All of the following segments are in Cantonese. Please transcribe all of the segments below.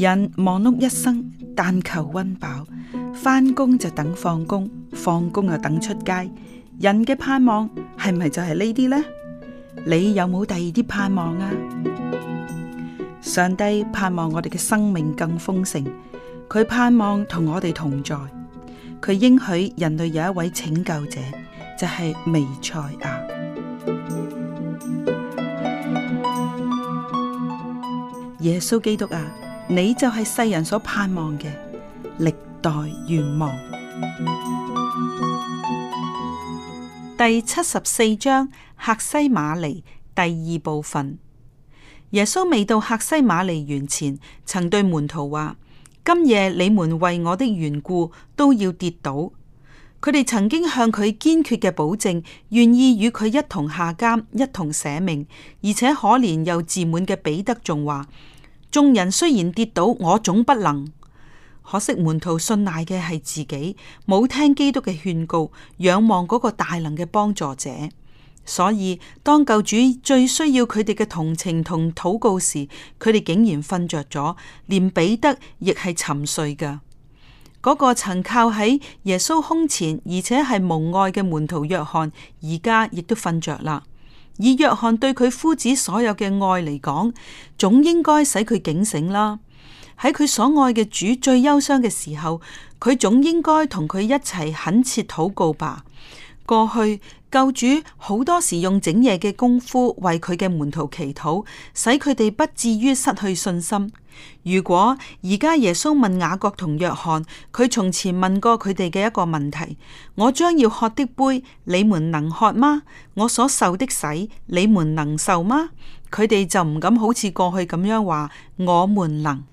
人忙碌一生，但求溫飽，翻工，就等放工，放工又等出街。人嘅盼望係咪就係呢啲呢？你有冇第二啲盼望啊？上帝盼望我哋嘅生命更豐盛，佢盼望同我哋同在，佢應許人類有一位拯救者，就係彌賽亞，耶穌基督啊！你就係世人所盼望嘅歷代願望。第七十四章，赫西馬尼第二部分。耶穌未到赫西馬尼園前，曾對門徒話：今夜你們為我的緣故都要跌倒。佢哋曾經向佢堅決嘅保證，願意與佢一同下監，一同捨命。而且可憐又自滿嘅彼得仲話。眾人雖然跌倒，我總不能。可惜門徒信賴嘅係自己，冇聽基督嘅勸告，仰望嗰個大能嘅幫助者。所以當救主最需要佢哋嘅同情同禱告時，佢哋竟然瞓着咗，連彼得亦係沉睡㗎。嗰、那個曾靠喺耶穌胸前，而且係蒙愛嘅門徒約翰，而家亦都瞓着啦。以約翰對佢夫子所有嘅愛嚟講，總應該使佢警醒啦。喺佢所愛嘅主最憂傷嘅時候，佢總應該同佢一齊懇切禱告吧。過去，救主好多時用整夜嘅功夫為佢嘅門徒祈禱，使佢哋不至於失去信心。如果而家耶穌問雅各同約翰，佢從前問過佢哋嘅一個問題：「我將要喝的杯，你們能喝嗎？我所受的洗，你們能受嗎？」佢哋就唔敢好似過去咁樣話：「我們能。」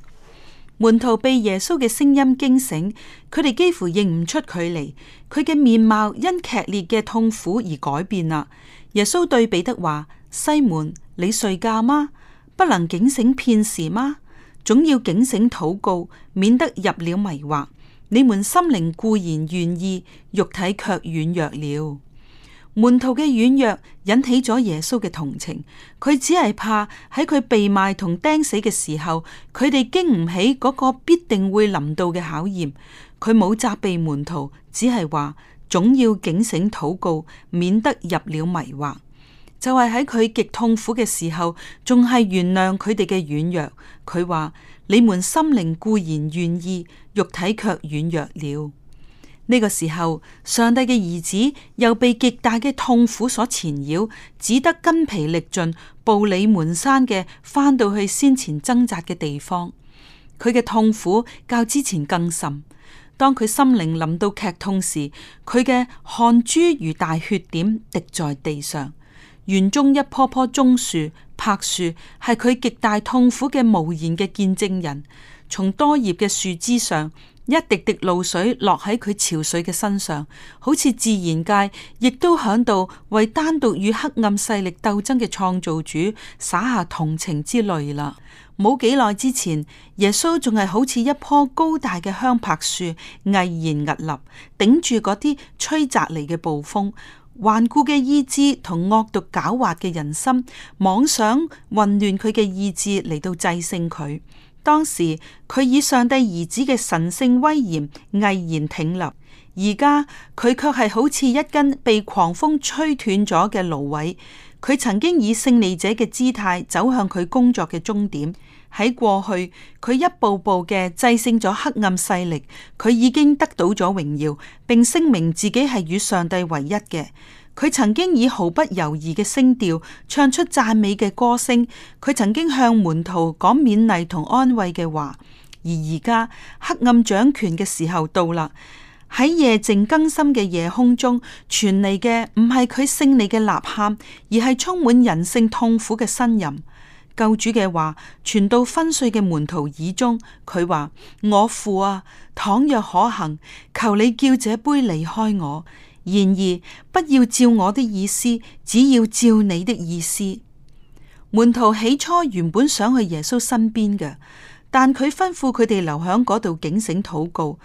門徒被耶穌嘅聲音驚醒，佢哋幾乎認唔出佢嚟，佢嘅面貌因劇烈嘅痛苦而改變啦。耶穌對彼得話：西門，你睡覺嗎？不能警醒片時嗎？總要警醒禱告，免得入了迷惑。你們心靈固然願意，肉體卻軟弱了。門徒嘅軟弱引起咗耶穌嘅同情，佢只係怕喺佢被賣同釘死嘅時候，佢哋經唔起嗰個必定會臨到嘅考驗。佢冇責備門徒，只係話總要警醒禱告，免得入了迷惑。就係喺佢極痛苦嘅時候，仲係原諒佢哋嘅軟弱。佢話：你們心靈固然願意，肉體卻軟弱了。呢個時候，上帝嘅兒子又被極大嘅痛苦所纏繞，只得筋疲力盡、步履蹣跚嘅翻到去先前掙扎嘅地方。佢嘅痛苦較之前更甚。當佢心靈諗到劇痛時，佢嘅汗珠如大血點滴在地上。園中一棵棵棕樹、柏樹係佢極大痛苦嘅無言嘅見證人。從多葉嘅樹枝上，一滴滴露水落喺佢潮水嘅身上，好似自然界亦都響度為單獨與黑暗勢力鬥爭嘅創造主灑下同情之淚啦。冇幾耐之前，耶穌仲係好似一棵高大嘅香柏樹，毅然屹立，頂住嗰啲吹襲嚟嘅暴風，頑固嘅意志同惡毒狡猾嘅人心妄想混亂佢嘅意志嚟到制勝佢。當時佢以上帝兒子嘅神聖威嚴毅然挺立，而家佢卻係好似一根被狂風吹斷咗嘅蘆葦。佢曾經以勝利者嘅姿態走向佢工作嘅終點。喺過去，佢一步步嘅制勝咗黑暗勢力，佢已經得到咗榮耀，並聲明自己係與上帝唯一嘅。佢曾經以毫不猶豫嘅聲調唱出讚美嘅歌聲，佢曾經向門徒講勉勵同安慰嘅話，而而家黑暗掌權嘅時候到啦。喺夜靜更深嘅夜空中，傳嚟嘅唔係佢勝利嘅吶喊，而係充滿人性痛苦嘅呻吟。救主嘅話傳到昏睡嘅門徒耳中，佢話：我父啊，倘若可行，求你叫這杯離開我。然而，不要照我的意思，只要照你的意思。門徒起初原本想去耶穌身邊嘅，但佢吩咐佢哋留喺嗰度警醒禱告。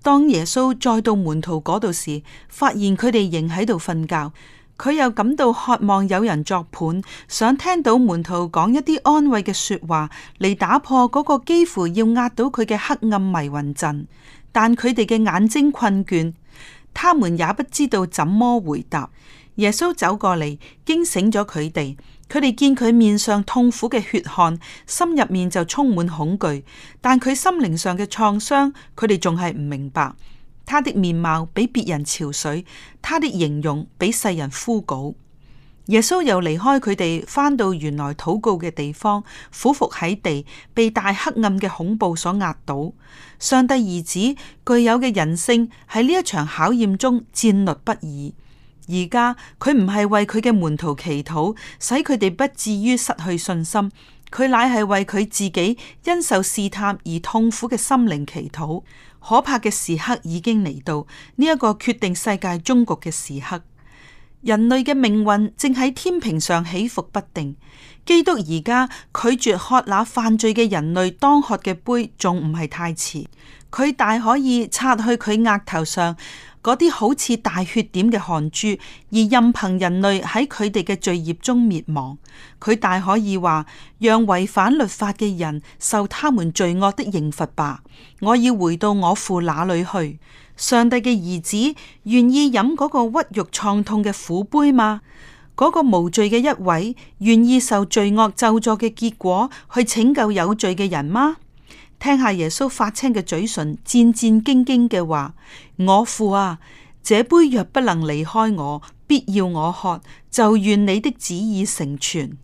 當耶穌再到門徒嗰度時，發現佢哋仍喺度瞓覺，佢又感到渴望有人作伴，想聽到門徒講一啲安慰嘅說話，嚟打破嗰個幾乎要壓到佢嘅黑暗迷魂陣。但佢哋嘅眼睛困倦。他們也不知道怎麼回答。耶穌走過嚟，驚醒咗佢哋。佢哋見佢面上痛苦嘅血汗，心入面就充滿恐懼。但佢心靈上嘅創傷，佢哋仲係唔明白。他的面貌比別人憔悴，他的形容比世人枯槁。耶穌又離開佢哋，翻到原來禱告嘅地方，俯伏喺地，被大黑暗嘅恐怖所壓倒。上帝兒子具有嘅人性喺呢一場考驗中戰栗不已。而家佢唔係為佢嘅門徒祈禱，使佢哋不至於失去信心，佢乃係為佢自己因受試探而痛苦嘅心靈祈禱。可怕嘅時刻已經嚟到，呢、這、一個決定世界終局嘅時刻。人類嘅命運正喺天平上起伏不定，基督而家拒絕喝那犯罪嘅人類當喝嘅杯，仲唔係太遲，佢大可以擦去佢額頭上。嗰啲好似大血點嘅汗珠，而任憑人類喺佢哋嘅罪孽中滅亡。佢大可以話，讓違反律法嘅人受他們罪惡的刑罰吧。我要回到我父那裏去。上帝嘅兒子願意飲嗰個屈辱創痛嘅苦杯嗎？嗰個無罪嘅一位願意受罪惡咒詛嘅結果去拯救有罪嘅人嗎？聽下耶穌發青嘅嘴唇戰戰兢兢嘅話。我父啊，這杯若不能離開我，必要我喝，就願你的旨意成全。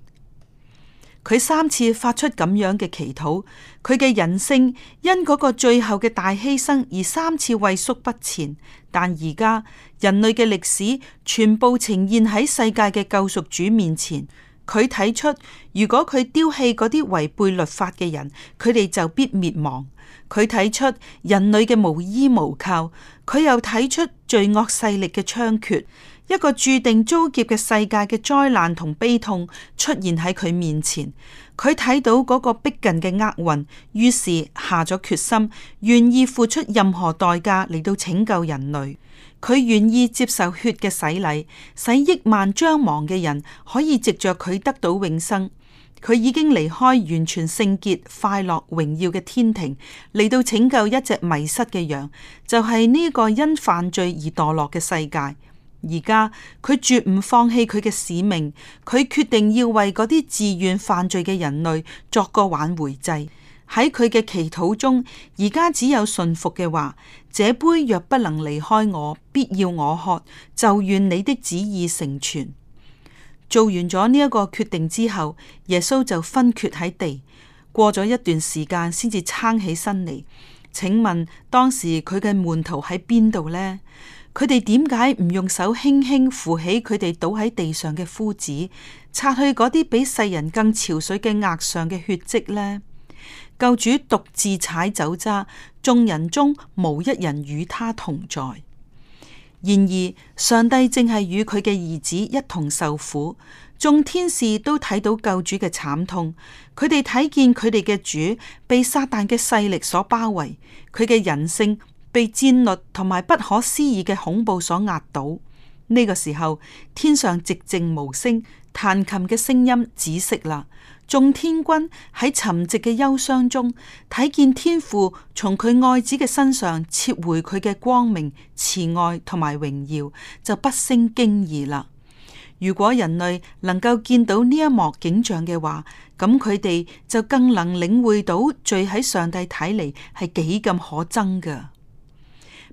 佢三次發出咁樣嘅祈禱，佢嘅人性因嗰個最後嘅大犧牲而三次畏縮不前，但而家人類嘅歷史全部呈現喺世界嘅救贖主面前，佢睇出如果佢丟棄嗰啲違背律法嘅人，佢哋就必滅亡。佢睇出人類嘅無依無靠，佢又睇出罪惡勢力嘅猖獗，一個注定遭劫嘅世界嘅災難同悲痛出現喺佢面前。佢睇到嗰個逼近嘅厄運，於是下咗決心，願意付出任何代價嚟到拯救人類。佢願意接受血嘅洗禮，使億萬將亡嘅人可以藉着佢得到永生。佢已經離開完全聖潔、快樂、榮耀嘅天庭，嚟到拯救一隻迷失嘅羊，就係呢個因犯罪而墮落嘅世界。而家佢絕唔放棄佢嘅使命，佢決定要為嗰啲自願犯罪嘅人類作個挽回祭。喺佢嘅祈禱中，而家只有信服嘅話，這杯若不能離開我，必要我喝，就願你的旨意成全。做完咗呢一個決定之後，耶穌就昏厥喺地，過咗一段時間先至撐起身嚟。請問當時佢嘅門徒喺邊度呢？佢哋點解唔用手輕輕扶起佢哋倒喺地上嘅夫子，擦去嗰啲比世人更憔悴嘅額上嘅血跡呢？救主獨自踩酒渣，眾人中無一人與他同在。然而，上帝正係與佢嘅兒子一同受苦，眾天使都睇到救主嘅慘痛。佢哋睇見佢哋嘅主被撒旦嘅勢力所包圍，佢嘅人性被戰慄同埋不可思議嘅恐怖所壓倒。呢、這個時候，天上寂靜無聲，彈琴嘅聲音止息啦。眾天君喺沉寂嘅憂傷中，睇見天父從佢愛子嘅身上撤回佢嘅光明、慈愛同埋榮耀，就不勝驚異啦。如果人類能夠見到呢一幕景象嘅話，咁佢哋就更能領會到罪喺上帝睇嚟係幾咁可憎㗎。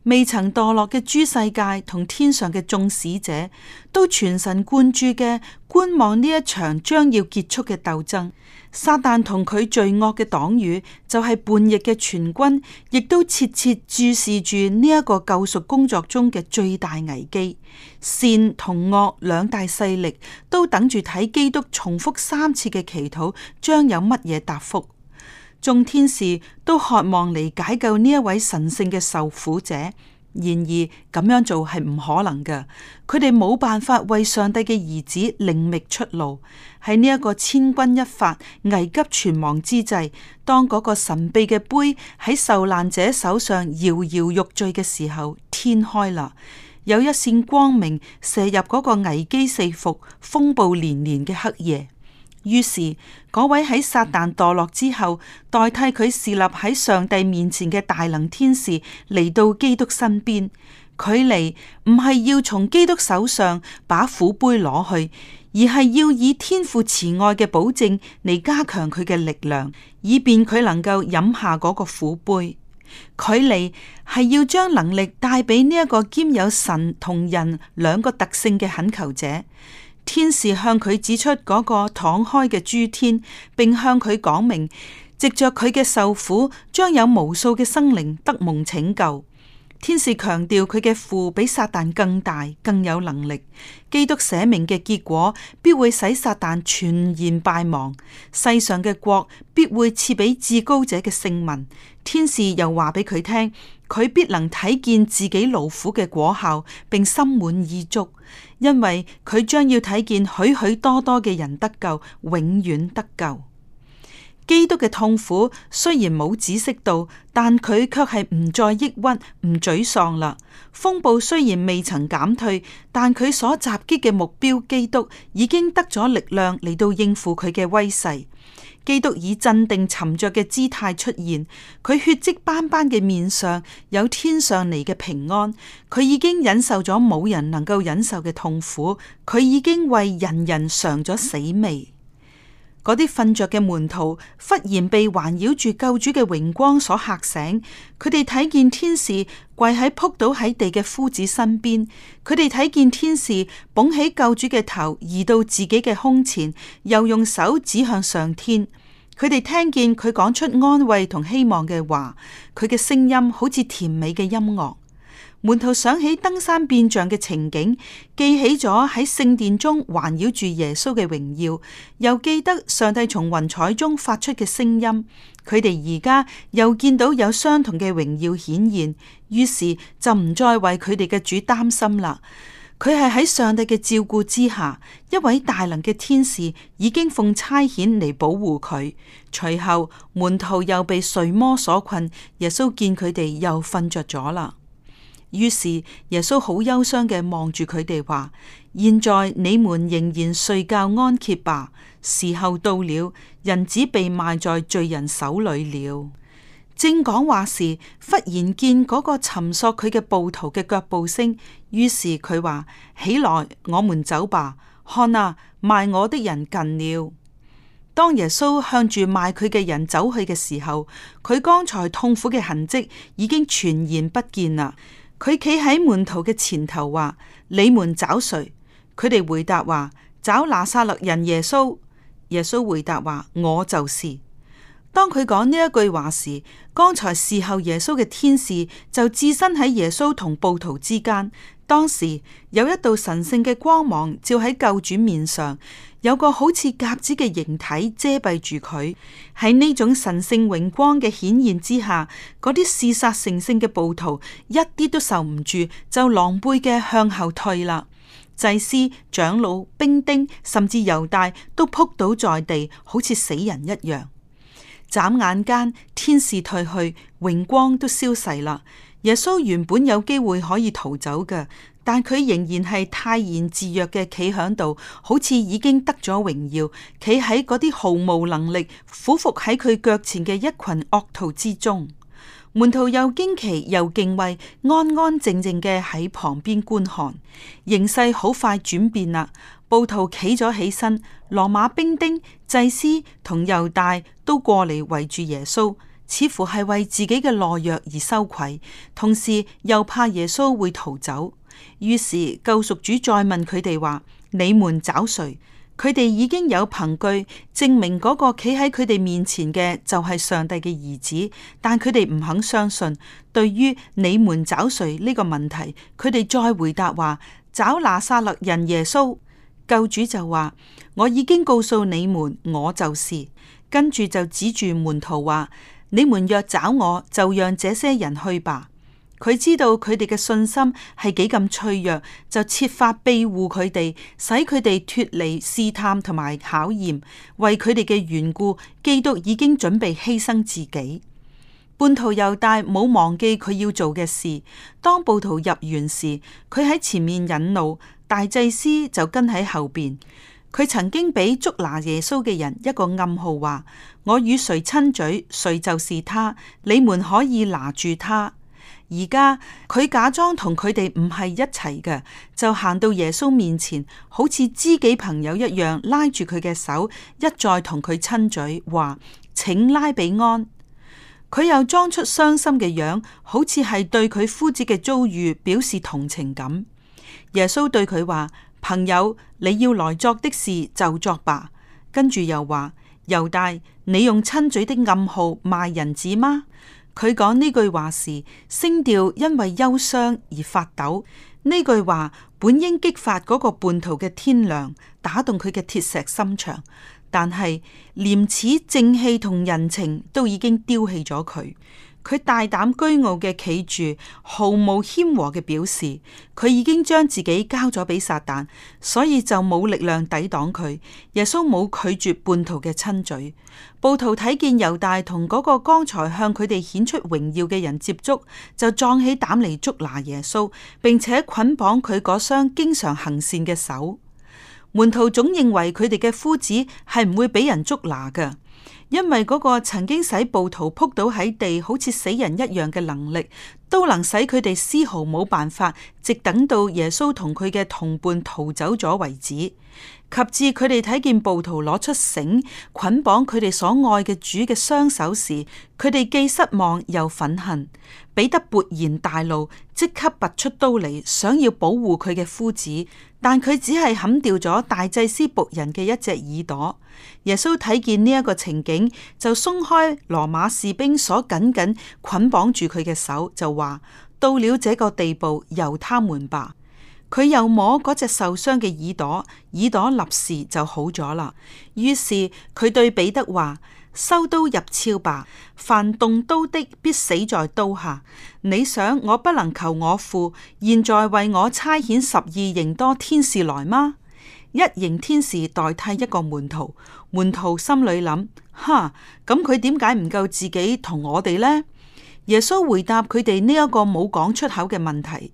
未曾墮落嘅諸世界同天上嘅眾使者，都全神貫注嘅觀望呢一場將要結束嘅鬥爭。撒旦同佢罪惡嘅黨羽，就係、是、叛逆嘅全軍，亦都切切注視住呢一個救贖工作中嘅最大危機。善同惡兩大勢力，都等住睇基督重複三次嘅祈禱，將有乜嘢答覆。眾天使都渴望嚟解救呢一位神聖嘅受苦者，然而咁樣做係唔可能嘅。佢哋冇辦法為上帝嘅兒子另覓出路。喺呢一個千鈞一髮、危急存亡之際，當嗰個神秘嘅杯喺受難者手上搖搖欲墜嘅時候，天開啦，有一線光明射入嗰個危機四伏、風暴連連嘅黑夜。於是，嗰位喺撒旦墮落之後，代替佢侍立喺上帝面前嘅大能天使嚟到基督身邊。佢嚟唔係要從基督手上把苦杯攞去，而係要以天父慈愛嘅保證嚟加強佢嘅力量，以便佢能夠飲下嗰個苦杯。佢嚟係要將能力帶俾呢一個兼有神同人兩個特性嘅懇求者。天使向佢指出嗰個敞開嘅諸天，並向佢講明，藉着佢嘅受苦，將有無數嘅生靈得蒙拯救。天使強調佢嘅父比撒旦更大，更有能力。基督捨命嘅結果，必會使撒旦全然敗亡，世上嘅國必會賜俾至高者嘅聖民。天使又話俾佢聽。佢必能睇見自己勞苦嘅果效，並心滿意足，因為佢將要睇見許許多多嘅人得救，永遠得救。基督嘅痛苦雖然冇止息到，但佢卻係唔再抑鬱、唔沮喪啦。風暴雖然未曾減退，但佢所襲擊嘅目標，基督已經得咗力量嚟到應付佢嘅威勢。基督以鎮定沉着嘅姿態出現，佢血迹斑斑嘅面上有天上嚟嘅平安，佢已經忍受咗冇人能夠忍受嘅痛苦，佢已經為人人嘗咗死味。嗰啲瞓着嘅門徒忽然被環繞住救主嘅榮光所嚇醒，佢哋睇見天使跪喺撲倒喺地嘅夫子身邊，佢哋睇見天使捧起救主嘅頭移到自己嘅胸前，又用手指向上天，佢哋聽見佢講出安慰同希望嘅話，佢嘅聲音好似甜美嘅音樂。門徒想起登山變像嘅情景，記起咗喺聖殿中環繞住耶穌嘅榮耀，又記得上帝從雲彩中發出嘅聲音。佢哋而家又見到有相同嘅榮耀顯現，於是就唔再為佢哋嘅主擔心啦。佢係喺上帝嘅照顧之下，一位大能嘅天使已經奉差遣嚟保護佢。隨後，門徒又被睡魔所困，耶穌見佢哋又瞓着咗啦。於是耶穌好憂傷嘅望住佢哋話：現在你們仍然睡覺安歇吧，時候到了，人子被賣在罪人手裏了。正講話時，忽然見嗰個尋索佢嘅暴徒嘅腳步聲，於是佢話：起來，我們走吧，看啊，賣我的人近了。當耶穌向住賣佢嘅人走去嘅時候，佢剛才痛苦嘅痕跡已經全然不見啦。佢企喺門徒嘅前頭，話：你們找誰？佢哋回答話：找拿撒勒人耶穌。耶穌回答話：我就是。當佢講呢一句話時，剛才侍候耶穌嘅天使就置身喺耶穌同暴徒之間。當時有一道神聖嘅光芒照喺救主面上。有個好似鴿子嘅形體遮蔽住佢，喺呢種神聖榮光嘅顯現之下，嗰啲嗜殺成性嘅暴徒一啲都受唔住，就狼狽嘅向後退啦。祭司、長老、兵丁甚至猶大都撲倒在地，好似死人一樣。眨眼間，天使退去，榮光都消逝啦。耶穌原本有機會可以逃走嘅。但佢仍然係泰然自若嘅，企響度，好似已經得咗榮耀，企喺嗰啲毫無能力、俯伏喺佢腳前嘅一群惡徒之中。門徒又驚奇又敬畏，安安靜靜嘅喺旁邊觀看。形勢好快轉變啦，暴徒企咗起身，羅馬兵丁、祭司同猶大都過嚟圍住耶穌，似乎係為自己嘅懦弱而羞愧，同時又怕耶穌會逃走。於是救贖主再問佢哋話：你們找誰？佢哋已經有憑據證明嗰個企喺佢哋面前嘅就係上帝嘅兒子，但佢哋唔肯相信。對於你們找誰呢個問題，佢哋再回答話：找拿撒勒人耶穌。救主就話：我已經告訴你們，我就是。跟住就指住門徒話：你們若找我，就讓這些人去吧。佢知道佢哋嘅信心係幾咁脆弱，就設法庇護佢哋，使佢哋脫離試探同埋考驗。為佢哋嘅緣故，基督已經準備犧牲自己。叛徒猶大冇忘記佢要做嘅事。當暴徒入園時，佢喺前面引路，大祭司就跟喺後邊。佢曾經俾捉拿耶穌嘅人一個暗號，話我與誰親嘴，誰就是他。你們可以拿住他。而家佢假裝同佢哋唔係一齊嘅，就行到耶穌面前，好似知己朋友一樣，拉住佢嘅手，一再同佢親嘴，話請拉比安。佢又裝出傷心嘅樣，好似係對佢夫子嘅遭遇表示同情咁。耶穌對佢話：朋友，你要來作的事就作吧。跟住又話：猶大，你用親嘴的暗號賣人子嗎？佢講呢句話時，聲調因為憂傷而發抖。呢句話本應激發嗰個叛徒嘅天良，打動佢嘅鐵石心腸，但係廉恥正氣同人情都已經丟棄咗佢。佢大膽倨傲嘅企住，毫無謙和嘅表示。佢已經將自己交咗俾撒旦，所以就冇力量抵擋佢。耶穌冇拒絕叛徒嘅親嘴。暴徒睇見猶大同嗰個剛才向佢哋顯出榮耀嘅人接觸，就壯起膽嚟捉拿耶穌，並且捆綁佢嗰雙經常行善嘅手。門徒總認為佢哋嘅夫子係唔會俾人捉拿㗎。因為嗰個曾經使暴徒撲倒喺地，好似死人一樣嘅能力，都能使佢哋絲毫冇辦法，直等到耶穌同佢嘅同伴逃走咗為止。及至佢哋睇見暴徒攞出繩捆綁佢哋所愛嘅主嘅雙手時，佢哋既失望又憤恨。彼得勃然大怒，即刻拔出刀嚟，想要保護佢嘅夫子，但佢只係砍掉咗大祭司僕人嘅一隻耳朵。耶穌睇見呢一個情景，就鬆開羅馬士兵所緊緊捆綁住佢嘅手，就話。話到了這個地步，由他們吧。佢又摸嗰隻受傷嘅耳朵，耳朵立時就好咗啦。於是佢對彼得話：收刀入鞘吧，凡動刀的必死在刀下。你想我不能求我父，現在為我差遣十二營多天使來嗎？一營天使代替一個門徒，門徒心裏諗：哈，咁佢點解唔夠自己同我哋呢？耶穌回答佢哋呢一個冇講出口嘅問題：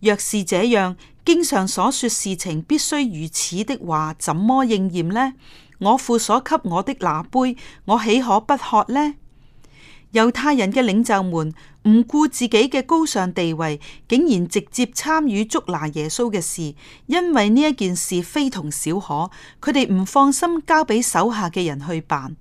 若是這樣，經上所說事情必須如此的話，怎麼應驗呢？我父所給我的那杯，我豈可不喝呢？猶太人嘅領袖們唔顧自己嘅高尚地位，竟然直接參與捉拿耶穌嘅事，因為呢一件事非同小可，佢哋唔放心交俾手下嘅人去辦。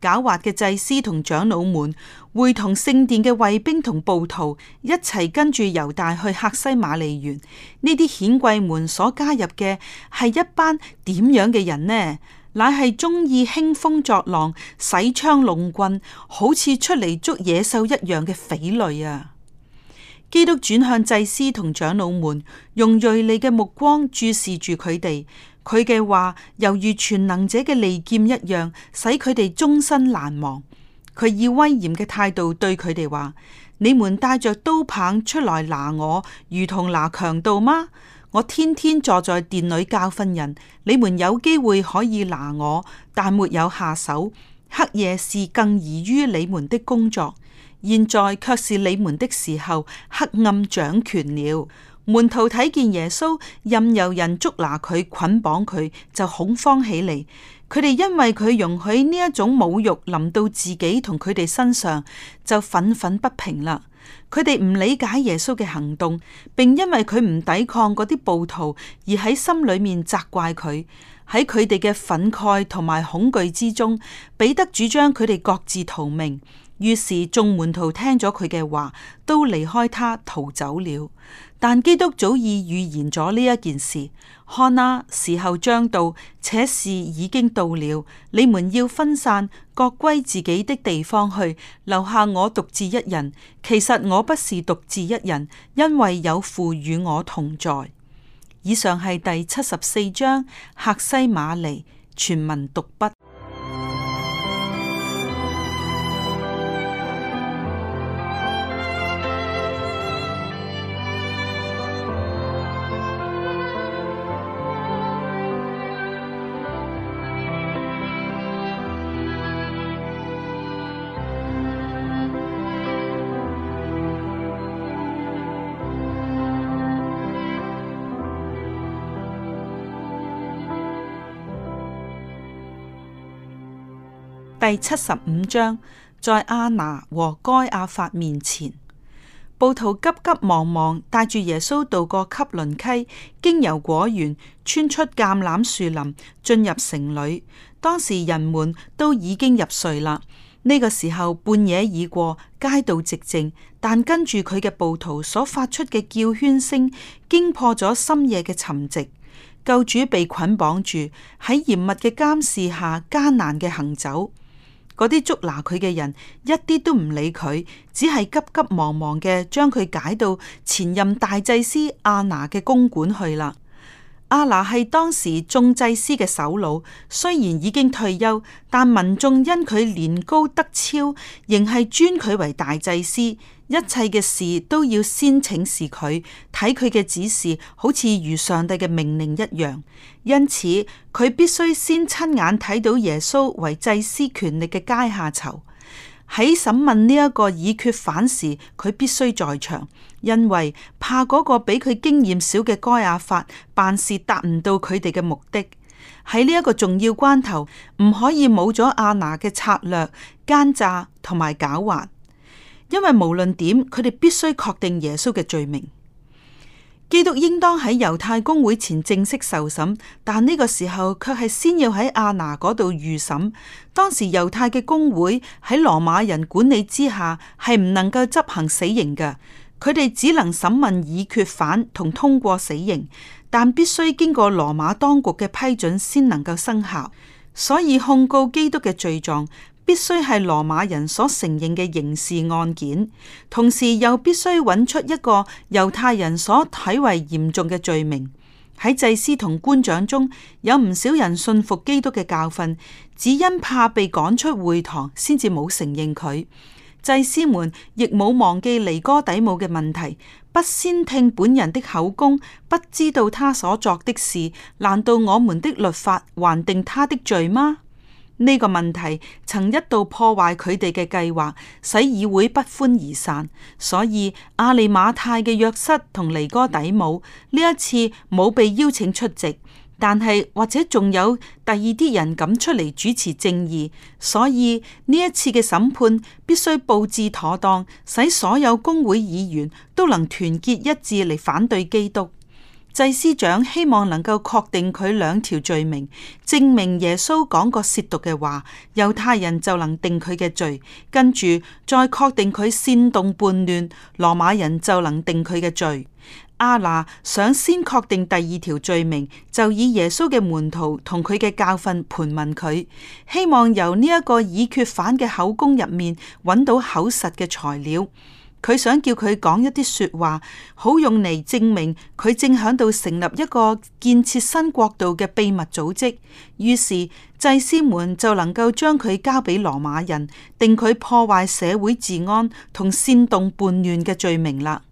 狡猾嘅祭司同長老們會同聖殿嘅衛兵同暴徒一齊跟住猶大去客西馬尼園。呢啲顯貴們所加入嘅係一班點樣嘅人呢？乃係中意興風作浪、使槍弄棍，好似出嚟捉野獸一樣嘅匪類啊！基督轉向祭司同長老們，用銳利嘅目光注視住佢哋。佢嘅話猶如全能者嘅利劍一樣，使佢哋終身難忘。佢以威嚴嘅態度對佢哋話：「你們帶着刀棒出來拿我，如同拿強盜嗎？我天天坐在殿裏教訓人，你們有機會可以拿我，但沒有下手。黑夜是更宜於你們的工作，現在卻是你們的時候，黑暗掌權了。」門徒睇見耶穌任由人捉拿佢、捆綁佢，就恐慌起嚟。佢哋因為佢容許呢一種侮辱臨到自己同佢哋身上，就憤憤不平啦。佢哋唔理解耶穌嘅行動，並因為佢唔抵抗嗰啲暴徒而喺心裏面責怪佢。喺佢哋嘅憤慨同埋恐懼之中，彼得主張佢哋各自逃命。於是眾門徒聽咗佢嘅話，都離開他逃走了。但基督早已預言咗呢一件事，看啦、啊，時候將到，且是已經到了，你們要分散，各歸自己的地方去，留下我獨自一人。其實我不是獨自一人，因為有父與我同在。以上係第七十四章《客西馬尼》全文讀畢。第七十五章，在阿拿和該亞法面前，暴徒急急忙忙帶住耶穌渡過汲倫溪，經由果園，穿出橄欖樹林，進入城裏。當時人們都已經入睡啦。呢、這個時候半夜已過，街道寂靜，但跟住佢嘅暴徒所發出嘅叫喧聲，驚破咗深夜嘅沉寂。救主被捆綁住，喺嚴密嘅監視下艱難嘅行走。嗰啲捉拿佢嘅人一啲都唔理佢，只係急急忙忙嘅將佢解到前任大祭司阿娜嘅公館去啦。阿拿係當時眾祭司嘅首腦，雖然已經退休，但民眾因佢年高德超，仍係尊佢為大祭司。一切嘅事都要先請示佢，睇佢嘅指示，好似如上帝嘅命令一樣。因此，佢必須先親眼睇到耶穌為祭司權力嘅階下囚。喺審問呢一個已決犯時，佢必須在場。因為怕嗰個比佢經驗少嘅該亞法辦事達唔到佢哋嘅目的，喺呢一個重要關頭唔可以冇咗阿拿嘅策略奸詐同埋狡猾。因為無論點，佢哋必須確定耶穌嘅罪名。基督應當喺猶太公會前正式受審，但呢個時候卻係先要喺阿拿嗰度預審。當時猶太嘅公會喺羅馬人管理之下係唔能夠執行死刑嘅。佢哋只能審問已決犯同通過死刑，但必須經過羅馬當局嘅批准先能夠生效。所以控告基督嘅罪狀必須係羅馬人所承認嘅刑事案件，同時又必須揾出一個猶太人所睇為嚴重嘅罪名。喺祭司同官長中有唔少人信服基督嘅教訓，只因怕被趕出會堂，先至冇承認佢。祭司們亦冇忘記尼哥底母嘅問題，不先聽本人的口供，不知道他所作的事，難道我們的律法還定他的罪嗎？呢，這個問題曾一度破壞佢哋嘅計劃，使議會不歡而散。所以亞利馬太嘅約瑟同尼哥底母呢一次冇被邀請出席。但係或者仲有第二啲人敢出嚟主持正義，所以呢一次嘅審判必須布置妥當，使所有公會議員都能團結一致嚟反對基督。祭司長希望能夠確定佢兩條罪名，證明耶穌講過褻瀆嘅話，猶太人就能定佢嘅罪；跟住再確定佢煽動叛亂，羅馬人就能定佢嘅罪。阿拿想先確定第二條罪名，就以耶穌嘅門徒同佢嘅教訓盤問佢，希望由呢一個已決犯嘅口供入面揾到口實嘅材料。佢想叫佢講一啲說話，好用嚟證明佢正響度成立一個建設新國度嘅秘密組織。於是祭司們就能夠將佢交俾羅馬人，定佢破壞社會治安同煽動叛亂嘅罪名啦。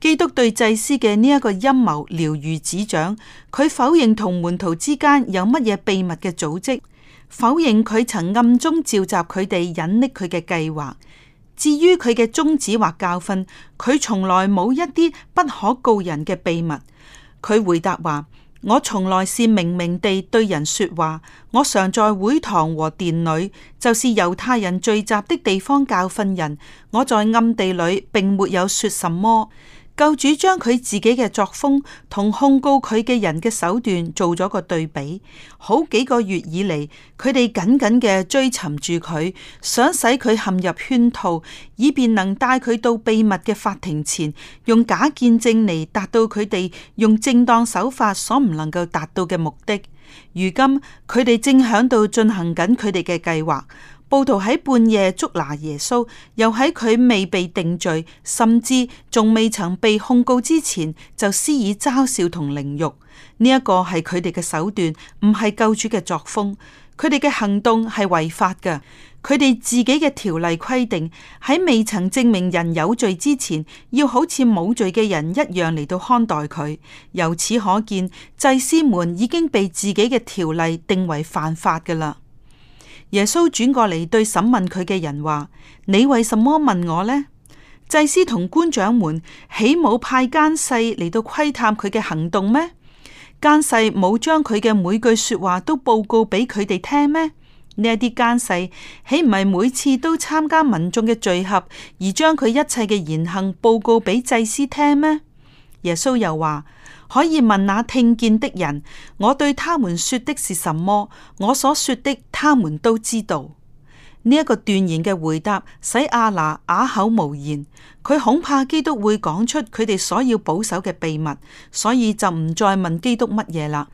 基督對祭司嘅呢一個陰謀了如指掌，佢否認同門徒之間有乜嘢秘密嘅組織，否認佢曾暗中召集佢哋隱匿佢嘅計劃。至於佢嘅宗旨或教訓，佢從來冇一啲不可告人嘅秘密。佢回答話：我從來是明明地對人說話，我常在會堂和殿裏，就是猶太人聚集的地方教訓人。我在暗地裏並沒有說什麼。救主將佢自己嘅作風同控告佢嘅人嘅手段做咗個對比。好幾個月以嚟，佢哋緊緊嘅追尋住佢，想使佢陷入圈套，以便能帶佢到秘密嘅法庭前，用假見證嚟達到佢哋用正當手法所唔能夠達到嘅目的。如今，佢哋正響度進行緊佢哋嘅計劃。暴徒喺半夜捉拿耶穌，又喺佢未被定罪，甚至仲未曾被控告之前，就施以嘲笑同凌辱。呢一個係佢哋嘅手段，唔係救主嘅作風。佢哋嘅行動係違法噶。佢哋自己嘅條例規定，喺未曾證明人有罪之前，要好似冇罪嘅人一樣嚟到看待佢。由此可見，祭司們已經被自己嘅條例定為犯法噶啦。耶穌轉過嚟對審問佢嘅人話：你為什麼問我呢？祭司同官長們豈冇派奸細嚟到窺探佢嘅行動咩？奸細冇將佢嘅每句說話都報告俾佢哋聽咩？呢一啲奸細豈唔係每次都參加民眾嘅聚合而將佢一切嘅言行報告俾祭司聽咩？耶穌又話。可以問那聽見的人，我對他們說的是什麼？我所說的，他們都知道。呢、這、一個斷言嘅回答，使阿拿啞、啊、口無言。佢恐怕基督會講出佢哋所要保守嘅秘密，所以就唔再問基督乜嘢啦。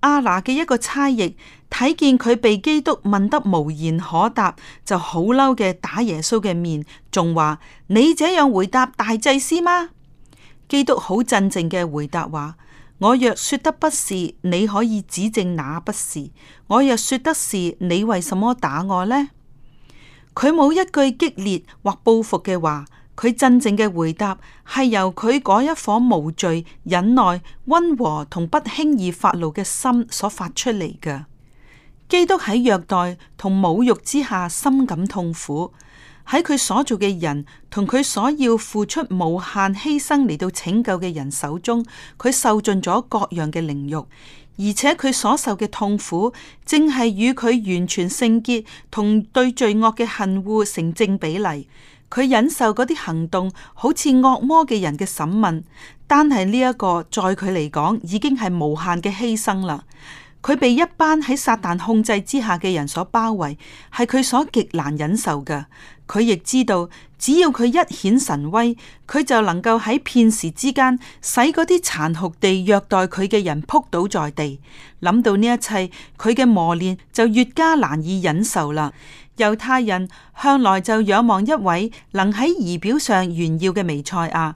阿拿嘅一個差役睇見佢被基督問得無言可答，就好嬲嘅打耶穌嘅面，仲話：你這樣回答大祭司嗎？基督好鎮靜嘅回答話：我若說得不是，你可以指證那不是；我若說得是，你為什麼打我呢？佢冇一句激烈或報復嘅話，佢真正嘅回答係由佢嗰一顆無罪、忍耐、溫和同不輕易發怒嘅心所發出嚟嘅。基督喺虐待同侮辱之下，深感痛苦。喺佢所做嘅人同佢所要付出無限犧牲嚟到拯救嘅人手中，佢受盡咗各樣嘅凌辱，而且佢所受嘅痛苦，正係與佢完全聖潔同對罪惡嘅恨惡成正比例。佢忍受嗰啲行動，好似惡魔嘅人嘅審問，單係呢一個在佢嚟講，已經係無限嘅犧牲啦。佢被一班喺撒旦控制之下嘅人所包圍，係佢所極難忍受嘅。佢亦知道，只要佢一顯神威，佢就能夠喺片時之間，使嗰啲殘酷地虐待佢嘅人撲倒在地。諗到呢一切，佢嘅磨練就越加難以忍受啦。猶太人向來就仰望一位能喺儀表上炫耀嘅彌賽亞。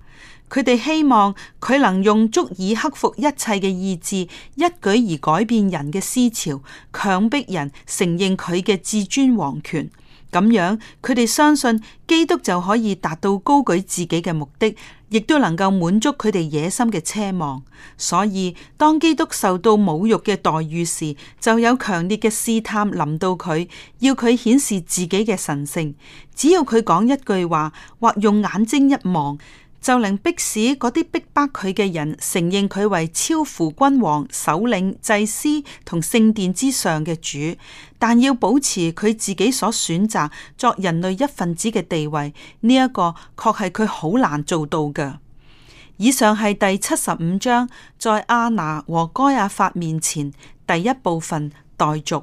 佢哋希望佢能用足以克服一切嘅意志，一舉而改變人嘅思潮，強迫人承認佢嘅至尊皇權。咁樣，佢哋相信基督就可以達到高舉自己嘅目的，亦都能夠滿足佢哋野心嘅奢望。所以，當基督受到侮辱嘅待遇時，就有強烈嘅試探臨到佢，要佢顯示自己嘅神聖。只要佢講一句話，或用眼睛一望，就能迫使嗰啲逼迫佢嘅人承認佢為超乎君王、首領、祭司同聖殿之上嘅主，但要保持佢自己所選擇作人類一分子嘅地位，呢、這、一個確係佢好難做到嘅。以上係第七十五章在阿拿和該亞法面前第一部分待續。